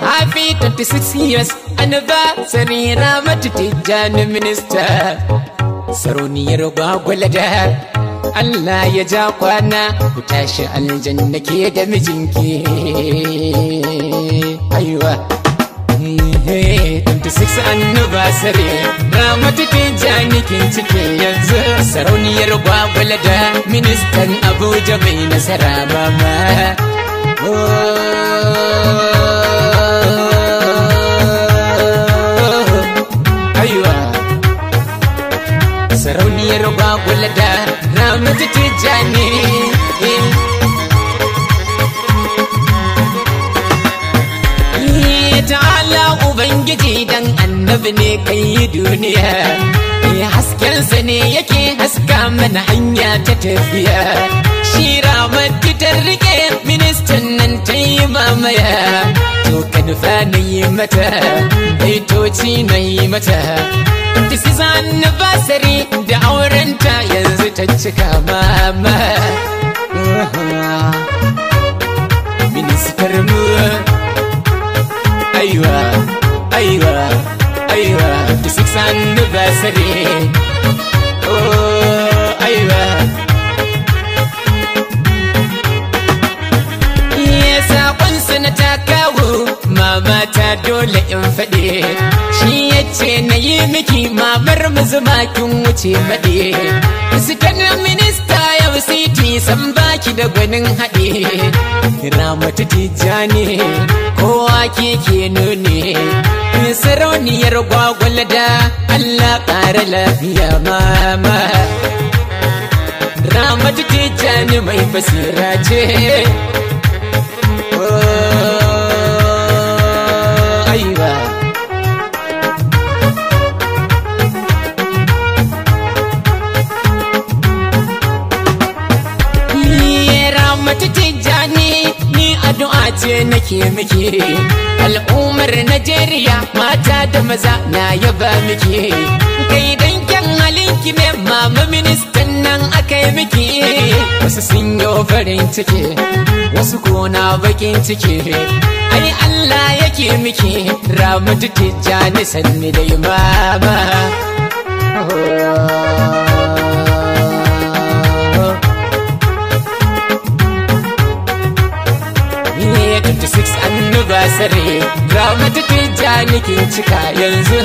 happy 26 years anniversary Ramatu minister minista sarauniyar gwagwalada Allah ya ja kwana ku tashi aljanna ke da mijinki aiwa 26 anniversary Ramatu Tijjani kin cike yanzu sarauniyar gwagwalada ministan Abuja bai nasara ba ma oh. kula da ramatu tijani ta'ala ubangiji dan annabi ne kai duniya haskensa ne yake haska mana hanya ta tafiya shi ramatu ta rike ministan nan ta yi mamaya to kanfa na yi mata baitoci na yi mata This is anniversary تتشكى ماما من سكرمو أيوة أيوة أيوة تسكس عن بسري أيوة يا ساقن سنتاكاو ماما تدول إن فدي شيئتي نيمك mamar mazumakin wuce maɗe Fisitan minista yau siti san baki da gwanin haɗe Ramatu tijjani kowa keke nune Sarauniyar gwagwalada Allah ƙara lafiya mama Ramatu tijjani mai basira ce ce nake miki al'ummar najeriya mata da maza na yaba miki kai kyan halinki ne mama ministan nan aka yi miki wasu sun yi farin ciki wasu kona bakin ciki ai allah yake miki ramatu tijjani sanni dai mama oh, nazari Rama tijjani kin cika yanzu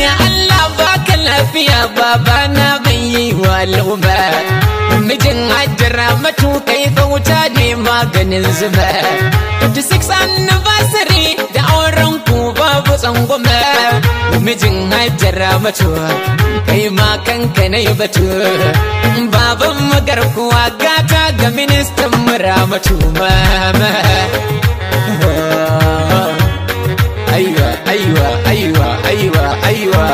Ya Allah baka lafiya babana bai yi wa ba Mijin matu kai ga wuta ne maganin zuba 26 anniversary da auren ku babu tsangwama mijin hajjara mato kai ma kanka na yi batu baban magarkuwa gata ga ministan mura mato mama aiwa aiwa aiwa aiwa aiwa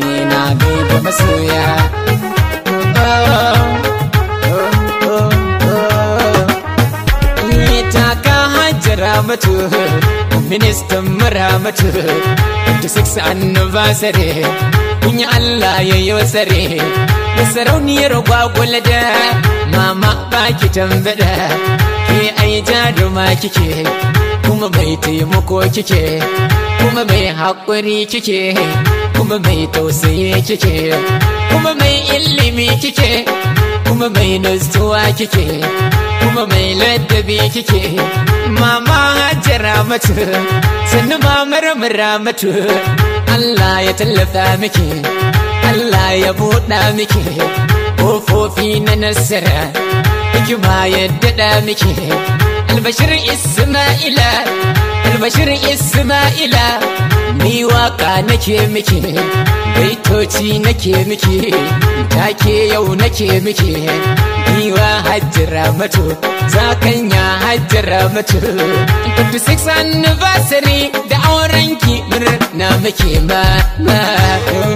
ni na gaba masoya karamatu ministan maramatu da six kun kunya Allah ya yi sare da sarauniyar gwagwala da mama baki tambada ke ai jaruma kike kuma mai taimako kike kuma bai haƙuri kike kuma bai tausayi kike kuma mai ilimi kike kuma mai nazuwa kike kuma mai ladabi kike mama hajjara mutu sannu mamar muramatu Allah ya tallafa miki Allah ya buɗa miki ƙofofi na nasara hikima ya daɗa miki albashir isma'ila albashir isma'ila ni waka nake miki baitoci nake miki take yau nake miki niwa hajjira mato zakanya hajjira mato 26 anniversary da aurenki murna muke ma ma